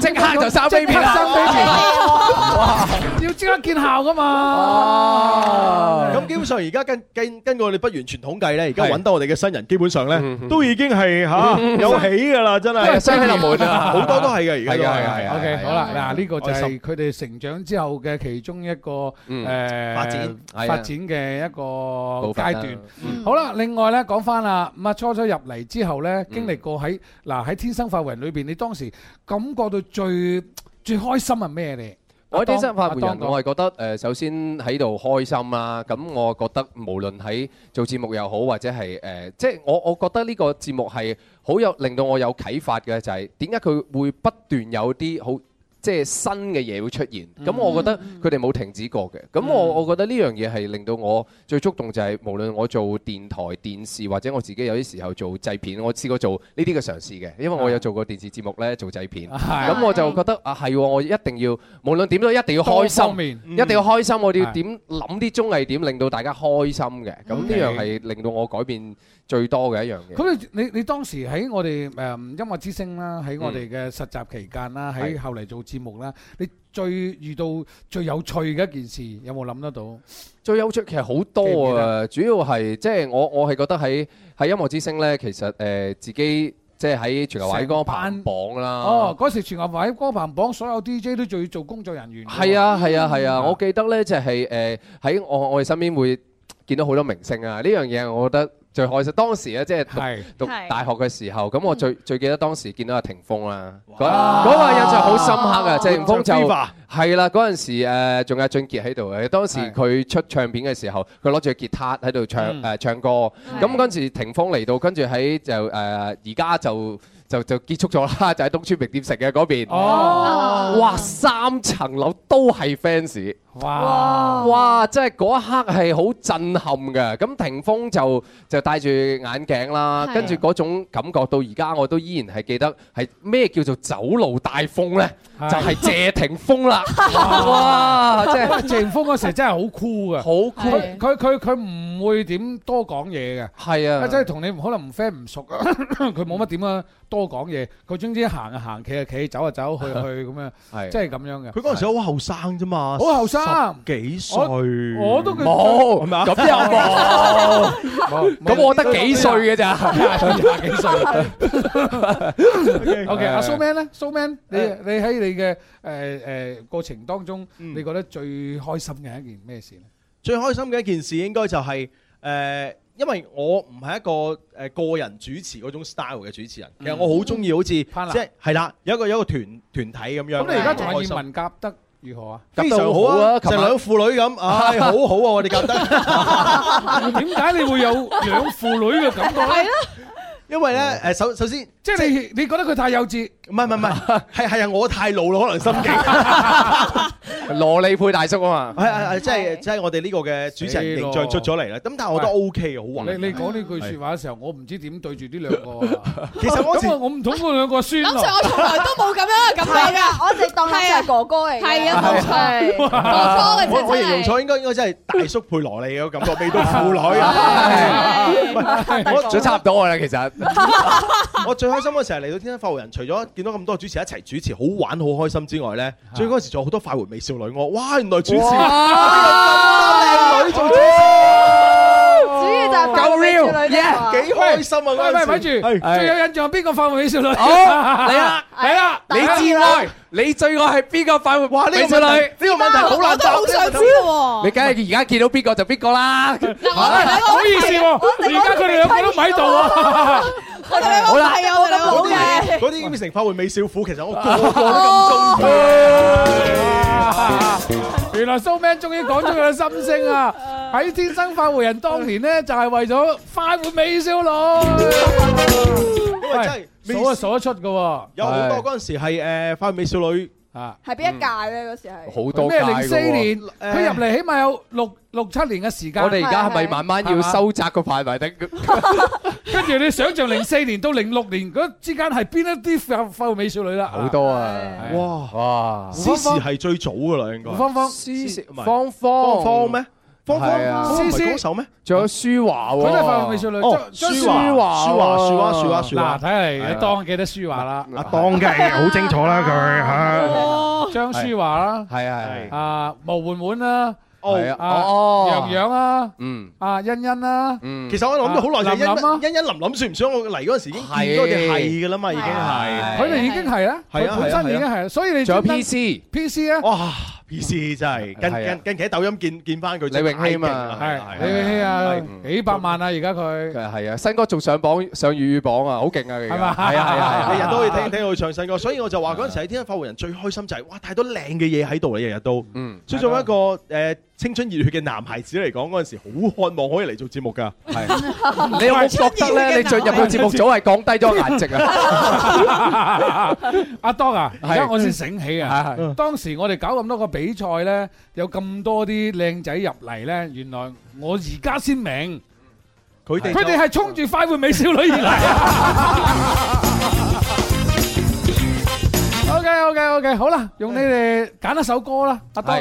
D: 即刻
A: 就收俾面啦！要
B: 即刻見效噶嘛？咁基本上而家跟跟根據我哋不完全統計咧，而家揾到我哋嘅新人基本上咧，都已
D: 經係嚇有起
B: 噶啦！真係生起就冇得，好多都係嘅。而
D: 家就係啊，OK，好啦，嗱，呢個就係佢哋成長之後嘅其中一個誒發展發展嘅一個階段。好啦，另外咧講翻啦，咁啊初初入嚟之後咧，經歷過喺嗱喺天生範圍裏邊，你當時感覺到。最最開心係咩咧？我睇《生化換人》，我
E: 係覺得誒、呃，首先喺度開心啦、啊。咁、嗯、我覺得無論喺做節目又好，或者係誒、呃，即係我我覺得呢個節目係好有令到我有啟發嘅，就係點解佢會不斷有啲好。即係新嘅嘢會出現，咁、嗯、哼我覺得佢哋冇停止過嘅。咁我、嗯、哼我覺得呢樣嘢係令到我最觸動就係，無論我做電台、電視或者我自己有啲時候做製片，我試過做呢啲嘅嘗試嘅。因為我有做過電視節目呢做製片，咁、嗯、哼我就覺得、嗯、哼啊係、哦，我一定要無論點都一定要開心，一定要開心。嗯、開心我哋要點諗啲綜藝點令到大家開心嘅？咁呢樣係令到我改變，最多嘅一樣嘢。咁你
D: 你你當時喺我哋誒、呃、音樂之星啦，喺我哋嘅實習期間啦，喺、嗯、後嚟做節目啦，是你最遇到最有趣嘅一件事有冇諗得到？
E: 最有趣其實好多啊，記記主要係即係我我係覺得喺喺音樂之星呢，其實誒、呃、自己即係喺全球華語歌排行榜啦。哦，
D: 嗰時全球華語歌排行榜所有 D J 都仲要做工作人員。係、嗯、啊，係啊，係
E: 啊，啊，啊，啊，啊，我記得呢，就係誒喺我我哋身邊會見到好多明星啊。呢樣嘢我覺得。最開心當時咧，即係讀是讀大學嘅時候，咁我最 最記得當時見到阿霆鋒啦、啊，嗰哇個印象好深刻啊！謝霆鋒就係啦，嗰陣、啊啊、時仲、呃、有俊傑喺度嘅，當時佢出唱片嘅時候，佢攞住個吉他喺度唱誒、嗯呃、唱歌，咁嗰陣時霆鋒嚟到，跟住喺就誒而家就就就結束咗啦， 就喺東村名店食嘅嗰邊，嗯哦、
A: 哇
E: 三層樓都係 fans。哇哇！即係嗰一刻係好震撼嘅。咁霆鋒就就戴住眼鏡啦，跟住嗰種感覺到而家我都依然係記得係咩叫做走路帶風咧，就係謝霆鋒啦。哇！即係謝霆
D: 鋒嗰時真係好酷嘅，好酷。佢佢佢唔會點多講嘢嘅。係啊，即係同你可能唔 friend 唔熟啊，佢冇乜點樣多講嘢。佢總之行就行，企就企，走就走，去就去咁樣。係，即係咁樣嘅。佢嗰
B: 陣時好後生啫嘛，好後生。十幾歲，我都冇，咁又冇，咁我得幾歲嘅咋？廿幾歲。
A: OK，阿
D: 蘇 man 咧，蘇 man，你你喺你嘅誒誒過程當中，你覺得最開心嘅一件咩事咧？
B: 最開心嘅一件事應該就係誒，因為我唔係一個誒個人主持嗰種 style 嘅主持人，其實我好中意好似即係係啦，有一個有一個團團體咁樣。咁你而家仲係文夾得？如何啊？非常好啊！就晚兩父女咁，唉、 哎，好好啊！我哋夾得。
A: 點
B: 解你會有兩父女嘅感覺咧？ 因為咧，誒首 首先，即係你，就係，你覺得佢太幼稚。唔係唔係唔係，係係啊！我太老咯，可能心境。羅莉配大叔啊嘛，係係係，即係即係我哋呢個嘅主持人形象出咗嚟啦。咁但係我覺得 OK 嘅，好混。你你講呢句説
D: 話嘅時候，我唔知點對住呢兩個。其實我我唔同嗰兩個孫。講實，
C: 我從來都冇咁樣咁嘅㗎。我直當佢就係哥哥嚟。係啊，冇錯。哥哥嘅啫。我我形容
B: 錯，應該應該真係大叔配羅莉嘅感覺，未到父女。
E: 我最插唔到㗎啦，其
B: 實。我最開心嘅時候嚟到《天生快活人》，除咗見到咁多主持一齊主持，好玩好開心之外咧，最嗰時仲有好多快活美少女，我哇原來主持，咁多靚女做主持，
A: 主要就夠 real，幾
D: 開心啊。喂喂，咪住，最有印象邊個快活美少女？好，嚟啦嚟啦，
A: 你最愛，
E: 你最愛係邊個快活？哇，呢個少女，呢個問題好難答。你梗係而家見到邊個就邊個啦？好意思喎，而家佢哋兩個都唔喺度啊。
B: 好啦，係我哋啦，嗰啲嗰啲變成快活美少婦，其實我講得咁中
A: 嘅。原
D: 來蘇明終於講出佢嘅心聲啊！喺天生快活人當年咧，就係為咗快活美少女。
B: 喂，數得數得出嘅，有好多嗰陣時係誒快活美少女。啊，係
C: 邊一屆咧？嗰時係好多屆嘅喎。零四年，佢入嚟起
B: 碼有六六七年嘅時間。我哋而家係咪慢慢要收
E: 窄個範圍？
D: 跟住你想象零四年到零六年嗰之間係邊一啲富富美少女啦？
B: 好多啊！哇哇！思思係最早噶啦，應該。芳芳
D: 思思
E: 芳芳芳咩？係啊，唔係高手咩？仲有舒華喎，佢都係快樂美少女。哦，張舒華，
D: 舒華，舒華，舒華，舒華。嗱，睇嚟阿當記得舒華啦，阿當梗係好
B: 清楚啦，佢。哦，
D: 張舒華啦，係啊係。啊，毛婉婉啦，係啊，哦，楊洋啦，嗯，
B: 阿欣欣啦，嗯。其實我諗咗好耐就欣欣，欣欣林林算唔算？我嚟嗰陣時已經見咗佢係噶啦嘛，已經係。佢咪已經係啦，佢佢真係已經係，所以你仲有 P C P C 咧？哇！意思真係近跟跟佢喺抖音見見翻佢，李榮希嘛，係李榮希啊，
E: 幾百萬啊，而家佢係啊，新歌仲上榜上粵語榜啊，好勁啊，而家係啊係啊，日日都可以聽聽佢唱
B: 新歌，所以我就話嗰陣時喺《天生快活人》最開心就係哇，太多靚嘅嘢喺度你日日都嗯，最仲有一個誒。青春熱血嘅男孩子嚟講，嗰陣時好渴望可以嚟做節目㗎。係，
A: 你有冇覺得咧？你進入個節目組係降
B: 低咗顏值啊？
D: 阿當啊，而家我先醒起啊！當時我哋搞咁多個比賽咧，有咁多啲靚仔入嚟咧，原來我而家先明，佢哋佢哋係衝住快活美少女而嚟。OK OK OK，好啦，用你哋揀一首歌啦，阿當。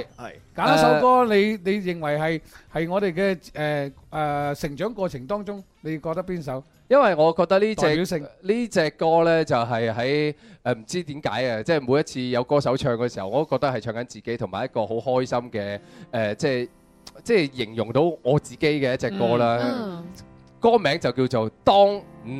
D: 揀一首歌，你你認為係係我哋嘅誒誒成長過程當中，你覺得邊首？
E: 因為我覺得呢隻呢隻歌呢、嗯，就係喺誒唔知點解啊！即係每一次有歌手唱嘅時候，我都覺得係唱緊自己同埋一個好開心嘅誒，即係即係形容到我自己嘅一隻歌啦。嗯嗯。歌名就叫做《當你》，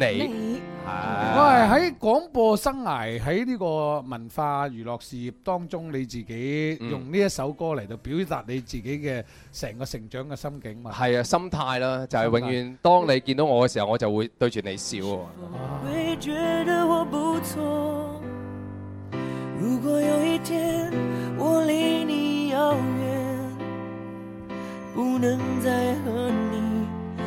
E: 我係喺廣播生涯，喺
D: 呢個文化娛樂事業當中，你自己用呢一首歌嚟到表達你自己嘅成個成長嘅心境嘛。係啊，心態啦，就係永遠，當你
E: 見到我嘅時候，我就會對住你笑，
A: 會覺得我不錯，如果有一天我離你遙遠，不能再和你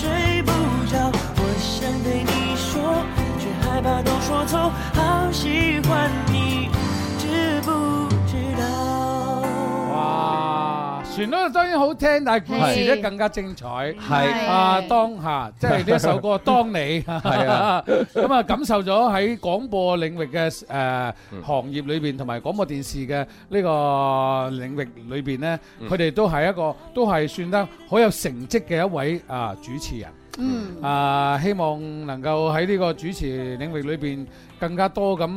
A: 睡不着，我想對你說，卻害怕都說錯。好喜歡你。
D: 旋律當然好聽，但係故事咧更加精彩。係啊，當下即係呢一首歌《當你》係啊，咁啊感受咗喺廣播領域嘅誒行業裏邊，同埋廣播電視嘅呢個領域裏邊咧，佢哋都係一個都係算得好有成績嘅一位啊主持人。嗯啊，希望能夠喺呢個主持領域裏邊更加多咁。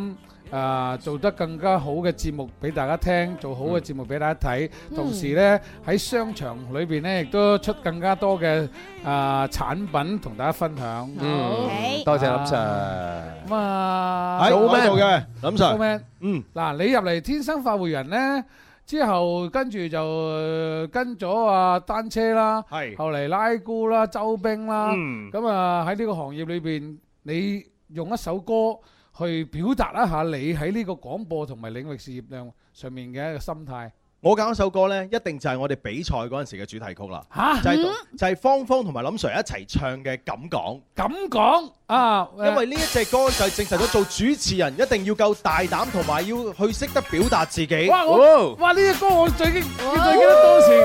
D: 啊！做得更加好嘅節目俾大家聽，做好嘅節目俾大家睇，同時呢喺商場裏邊呢亦都出更加多嘅啊產品同大家分享。嗯，多謝林 Sir。咁啊，做咩做嘅？林 Sir，嗯，嗱，你入嚟天生快活人呢，之後跟住就跟咗啊單車啦，後嚟拉姑啦、周兵啦，咁啊喺呢個行業裏邊，你用一首歌，去表達一下你喺呢個廣播同埋領域事業上上面嘅一個心態。
B: 我揀首歌咧，一定就係我哋比賽嗰陣時嘅主題曲啦。嚇，就係芳芳同埋林 Sir 一齊唱嘅《敢講》。敢講啊！因為呢一隻歌就證實咗做主持人一定要夠大膽同埋要去識得表達自己哇。
D: 哇！呢隻歌我最，最記得當時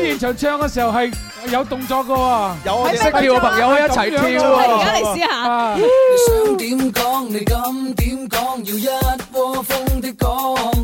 B: 喺現場唱嘅時候係有動作嘅喎，有識跳嘅朋友可以一齊
D: 跳試試啊！而家嚟試下。你
A: 想點講？你敢點講？要一窩蜂的講。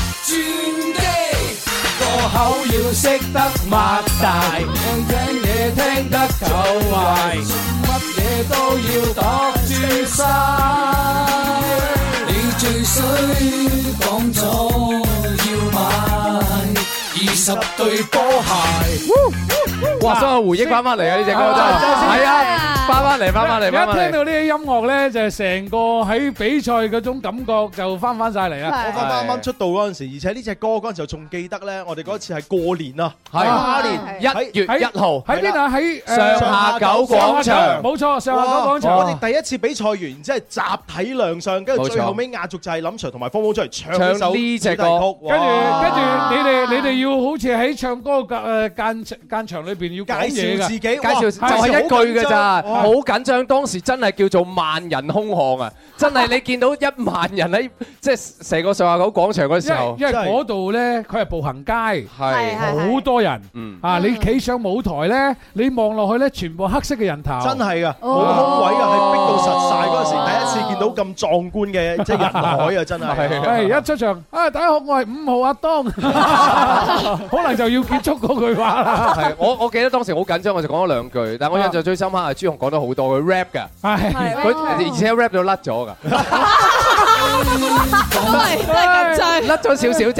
A: 口要識得擘大，聽嘢聽，聽得夠壞，乜嘢都要擋住晒。你最衰講咗要買 二十
D: 對波鞋。
E: 哇！所有回憶翻翻嚟啊！呢隻歌真係係啊！翻翻嚟，
A: 翻翻嚟，翻翻嚟！一聽到
B: 呢啲音樂咧，就係成個喺比賽嗰種感覺就翻翻曬嚟啊！我剛啱啱出道嗰陣時，而且呢隻歌嗰陣時仲記得咧，我哋嗰次係過年啊，係跨年一
E: 月一號
B: 喺邊啊？喺上下九廣場，冇錯，上下九廣場。我哋第一次比賽完，然之後集體亮相，跟住最後尾壓軸就係林 sir 同埋方寶出嚟唱呢隻歌曲，跟住跟住你哋你哋要好
D: 似喺唱歌間間間場裏邊。要介紹自己，介紹就係一句㗎咋，好
E: 緊張。當時真係叫做萬人空巷啊！真係你見到一萬人喺即係成個上下九廣場嗰時候，因為
D: 嗰度咧佢係步行街，係好多人。嗯，啊，你企上舞台咧，你望落去咧，全部黑色嘅人頭，真
B: 係㗎，冇空位㗎，係逼到實晒嗰陣時，第一次見到咁壯觀嘅即
A: 係人
E: 海啊！真係係一
D: 出場啊，大家好，我係五號阿當，
E: 可能就要結束嗰句話啦。係我我嘅。咧當時好緊張，我就講咗兩句。但係我印象最深刻，朱紅講咗好多，佢 rap 嘅，佢而且 rap 到甩咗㗎，真
A: 係真係緊張，甩咗少少啫。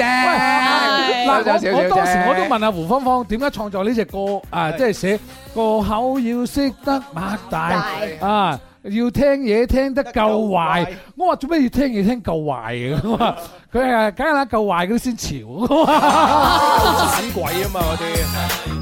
A: 甩咗少少啫。我當時
E: 我都
D: 問阿胡芳芳點解創作呢隻歌啊，即係寫個口要識得擘大啊，要聽嘢聽得夠壞。我話做咩要聽要聽夠壞嘅？我話佢係梗係啦，夠壞嗰啲先潮啊，反
B: 鬼啊嘛嗰啲。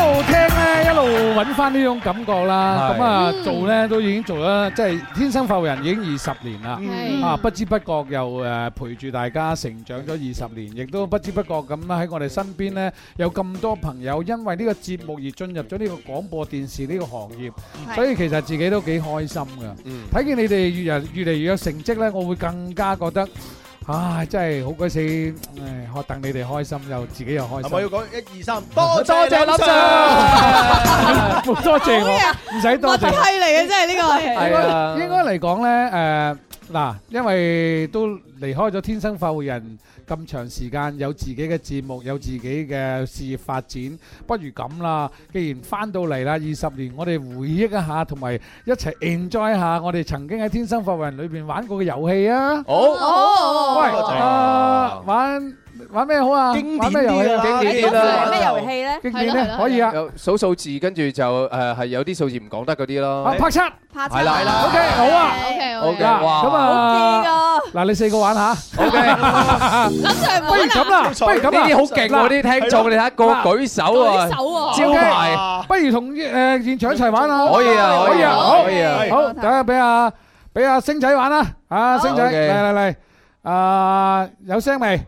D: 一路聽咧，一路搵翻呢種感覺啦。咁啊，做咧都已經做咗，即係天生快活人已經二十年啦。啊，不知不覺又誒陪住大家成長咗二十年，亦都不知不覺咁啦喺我哋身邊咧有咁多朋友，因為呢個節目而進入咗呢個廣播電視呢個行業，所以其實自己都幾開心噶。睇見你哋越人越嚟越有成績咧，我會更加覺得。唉、啊，真係好鬼死！唉，開等你哋開心，又自己又開心。我要講
B: 一二三？多多
C: 謝林
A: Sir，
D: 多謝我，唔使 多謝我。默契嚟嘅真係呢、呢個、哎呀應，應該嚟講咧，誒、呃。嗱，因為都離開咗天生快活人咁長時間，有自己嘅節目，有自己嘅事業發展，不如咁啦。既然翻到嚟啦，二十年，我哋回憶一下，同埋一齊 enjoy 下我哋曾經喺天生快活人裏邊
E: 玩過嘅遊戲啊！
D: 好，哦、喂，哦啊、玩。玩咩好啊？經典啲啦，經典啲啦。玩咩遊戲咧？經典咧，可以啊。
E: 有數數字，跟住就誒係有啲數字唔講得嗰啲咯。啊，拍七。拍七。係啦，係啦。O K，
A: 好啊。O K，好。O K，哇。好啲噶。嗱，
E: 你四個玩吓。
A: O K。不如咁啦，不如咁
D: 啦。呢啲好勁喎，啲聽眾你睇個
E: 舉手啊，
D: 招牌。不如同誒現場一齊玩啊？可以啊，可以啊，可以啊。好，等下俾阿俾阿星仔玩啦。吓，星仔，嚟嚟嚟。啊，有聲未？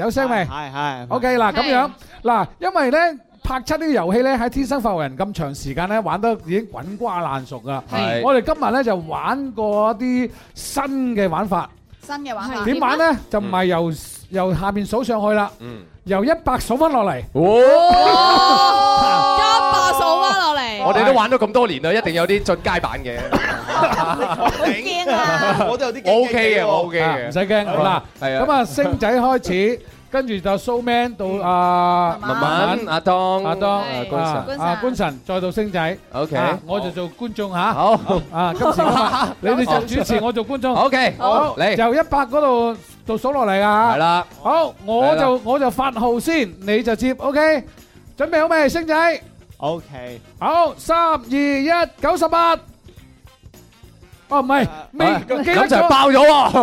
D: 有聲未？
A: 係係。O K，嗱，咁樣，
D: 嗱，因為咧拍出呢個遊戲咧喺《天生快活人》咁長時間咧玩得已經滾瓜爛熟㗎。係。我哋今日咧就玩過一啲新嘅玩法，
C: 新嘅玩法。點玩咧？
D: 就唔係由由下邊數上去啦。嗯。
E: 由一百數翻落嚟。哦。
C: 一百數翻落嚟。
A: 我哋都玩
E: 咗咁多年啦，一定有啲進階版嘅。
A: 好驚啊！我都有啲，我 OK 嘅，我 OK 嘅，唔使驚。好啦，係啊，咁啊，星
E: 仔開始，跟住就
D: Showman 到啊文文、阿當、阿當啊官神、啊官神，再到星仔。OK，我就做觀眾吓。好啊，今次你哋做主持，我做觀眾。OK，好，你就一百嗰度倒數落嚟啊！係啦，
E: 好，我就
D: 我就發號先，你就接。OK，準備好未，星仔？OK，好，三二一，九十八。哦，唔係，未咁就係爆咗喎，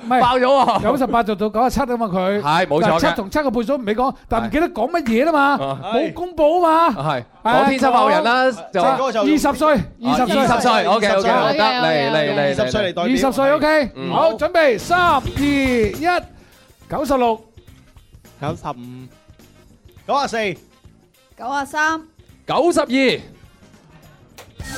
D: 唔係爆咗喎，九十八就到九十七啊嘛佢，係冇錯嘅，七同七個倍數唔俾講，但唔記得講乜嘢啦嘛，冇公佈啊嘛，係講天生話人啦，二十歲，二十歲，二十歲，O K O K，得嚟嚟嚟嚟，二十歲嚟
E: 代表，二十歲，O K，好，
D: 準備三二一，九十六，
B: 九十五，九啊四，
C: 九啊三，
B: 九十二。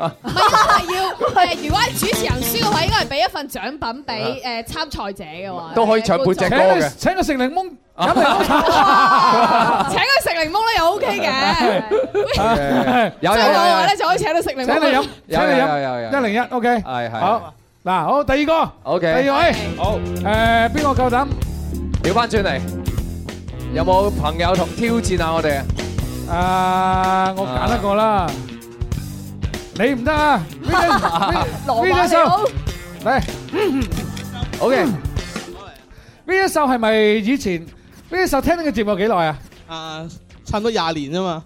C: 係啊，係要。誒，如果主持人輸嘅話，應該係俾一份獎品俾誒參賽者嘅話，都可以唱半隻
D: 歌嘅，請佢食檸檬，飲檸檬，
C: 請佢食檸檬咧又 OK 嘅，即
E: 係
D: 我
C: 話咧就可以請佢食檸檬，飲，
D: 有，有，有，一零一，OK，係，係，好，嗱，好，第二個，OK，第二位，
E: 好，誒，邊個夠膽？調翻轉嚟，有冇朋友同挑戰啊？我哋啊，我揀得過啦。你唔得啊
A: ！V 一 V 一秀，
E: 嚟
D: ，O K，V 一秀係咪以前 V 一秀聽呢個節目幾耐
B: 啊？
A: 啊、
B: uh，差唔多廿年
A: 啫嘛。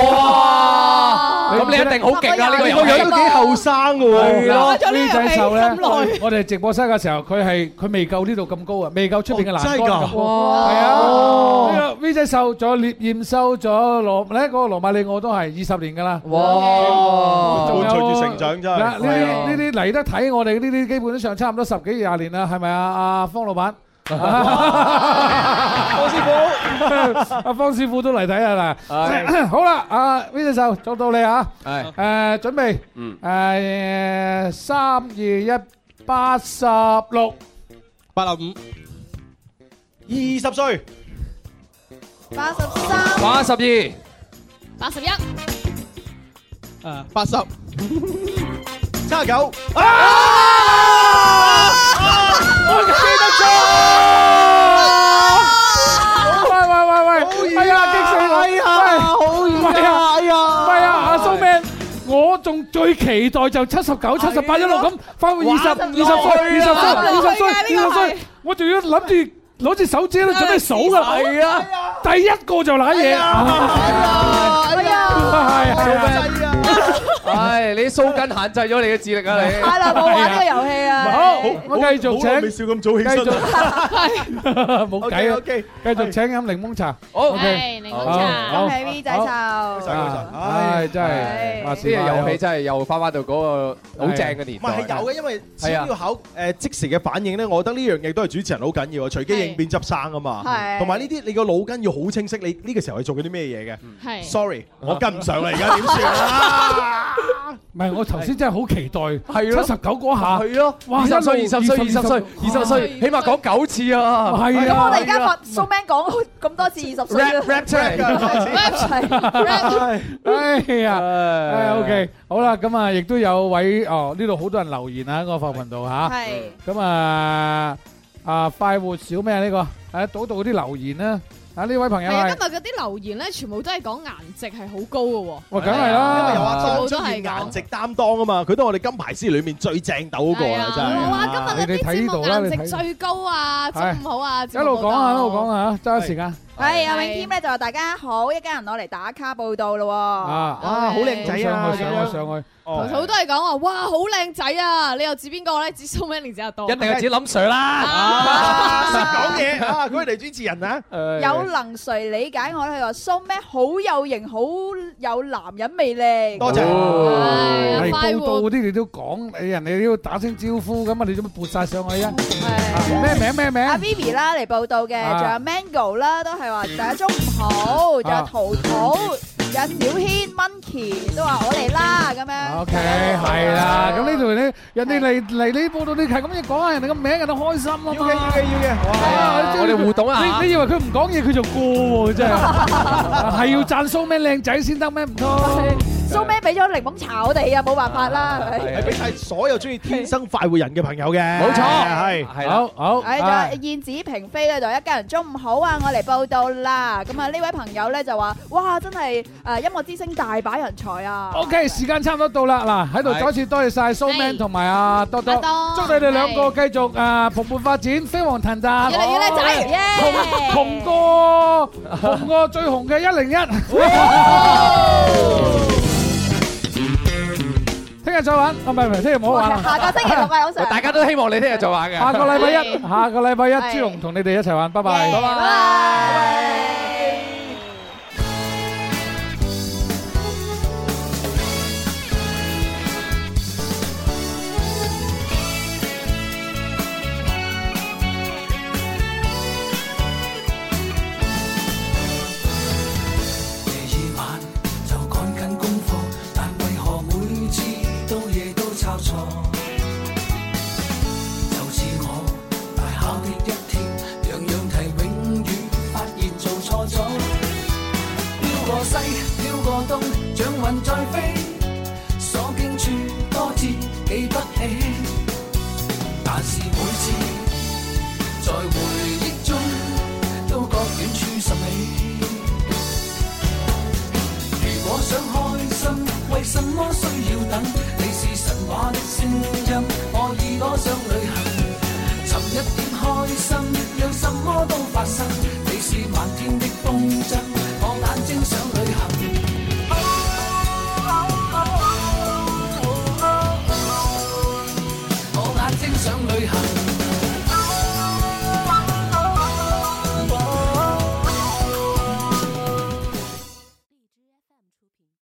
A: 哇！ 咁你一定好
D: 勁啊！呢個樣都幾後
B: 生
A: 嘅喎，V 仔瘦咧，
D: 我哋直播室嘅時候佢係，佢未夠呢度咁高啊，未夠出邊嘅藍。真
A: 㗎！哇！V
D: 仔瘦咗，烈焰瘦咗，羅咧，嗰個羅馬里我都係二十年㗎啦。哇！伴隨住成長真係。嗱！呢啲呢啲嚟得睇，我哋呢啲基本上差唔多十幾廿年啦，係咪啊？阿方老闆。方師傅，阿方師傅都嚟睇下啦，好啦，阿邊隻手捉到你啊，係，誒，準備，嗯，誒，三二一，八十六，
B: 八十五，二十歲，
C: 八十三，八十二，八十一，誒，
E: 八十，七十九。
D: 最期待就七十九、七十八一路咁，翻回二十、二十歲、二十歲、二十歲、二十歲，我仲要諗住攞住手指咧，準備數噶，係啊，第
E: 一個就瀨嘢。 係你腦筋限制咗你嘅智力啊！你，係啦，冇玩呢個遊戲啊！好，我繼續請，繼續，冇計啊！繼續請飲檸檬茶，
C: 好，檸檬茶，好，V 仔湊，好，真係，呢個遊
E: 戲真係又翻返到嗰個好正嘅年代。唔係，係有嘅，因為先要考誒即時嘅反
B: 應咧。我覺得呢樣嘢都係主持人好緊要，隨機應變執生啊嘛。係，同埋呢啲你個腦筋要好清晰，你呢個時候係做緊啲咩嘢嘅？係，sorry，我跟唔上啦，而家點算啊？唔係，我頭先真係好期待，係
E: 咯，七十
D: 九
B: 嗰下，係咯，二十歲、二十歲、二十
E: 歲、二十歲，起碼講九次啊，係啊，咁我哋而家發蘇
C: 明講咁多次二十歲啦，rap rap
A: track，rap
E: track，
C: 哎呀，ok，
D: 好啦，咁啊，亦都有位哦，呢度好多人留言啊，喺個發頻道吓，係，咁啊啊快活少咩啊呢個，誒，讀一讀嗰啲留言啦。啊！呢位朋友係
C: 今日嗰啲留言咧，全部都係講顏值係好高嘅。我梗係啦，因為又話宋春顏
B: 值擔當啊嘛，佢都係我哋金牌師裏面最正斗個啦，真係。冇話今日嗰啲節目顏值
C: 最高啊，做唔好啊，一路講下，一路講下，
B: 揸下時間。
C: 係啊，永添咧就話大家好，一家人攞嚟打卡報道咯。啊啊，好
D: 靚仔啊！上去上去上
B: 去，好
C: 多人講話，哇，好靚仔啊！你又指邊個咧？指蘇明玲仔又多，一定係指林
B: Sir 啦。
A: 識講嘢，
B: 佢嚟主持人啊。有能
C: 誰理解我咧？話蘇明好有型，好有男人魅力。多
A: 謝。係
D: 報道嗰啲，你都講，你人哋都要打聲招呼咁啊？你做乜撥晒上去啊？
C: 咩名咩名？阿 Vivi 啦嚟報道嘅，仲有 Mango 啦，都係。就阿鐘唔好，就陶陶，有小軒、Monkey 都話我嚟啦咁
D: 樣。OK，係啦，咁呢度咧，人哋嚟嚟呢報道，你係咁要講下人哋個名，
C: 人都開心咯。要嘅要嘅要嘅，我哋互動一下。你你
D: 以為佢唔講嘢，佢就過真係，
C: 係
B: 要讚 Showman 靚仔先得咩？唔通？
C: Showman 俾咗檸檬茶我哋啊，冇辦法啦！係俾
B: 曬所有中意天生快活人嘅朋友嘅，冇錯，係係好好。誒就
C: 燕子平飛咧，就一家人中午好啊，我嚟報道啦。咁啊呢位朋友咧就話：哇，真係誒音樂之星大把人才
D: 啊！OK，時間差唔多到啦，嗱喺度再一次多謝曬 Showman 同埋阿當，祝你哋兩個繼續啊蓬勃發展，飛黃騰達，越嚟越叻仔，紅哥紅哥最紅嘅一零一。聽日再玩，唔係明聽日唔好玩。下個星期六拜早上， 啊，大家都希望你聽日再玩嘅。下個禮拜一， 下個禮拜一， 朱龍同你哋一齊玩， 拜拜，拜
A: 拜。
D: 像雲在飛，所經處多姿記不起。但是每次
A: 在回憶中，都覺遠處甚美。 如果想開心，為什麼需要等？你是神話的聲音，可以多想旅行，尋一點開心，有什麼都發生。你是漫天的風箏。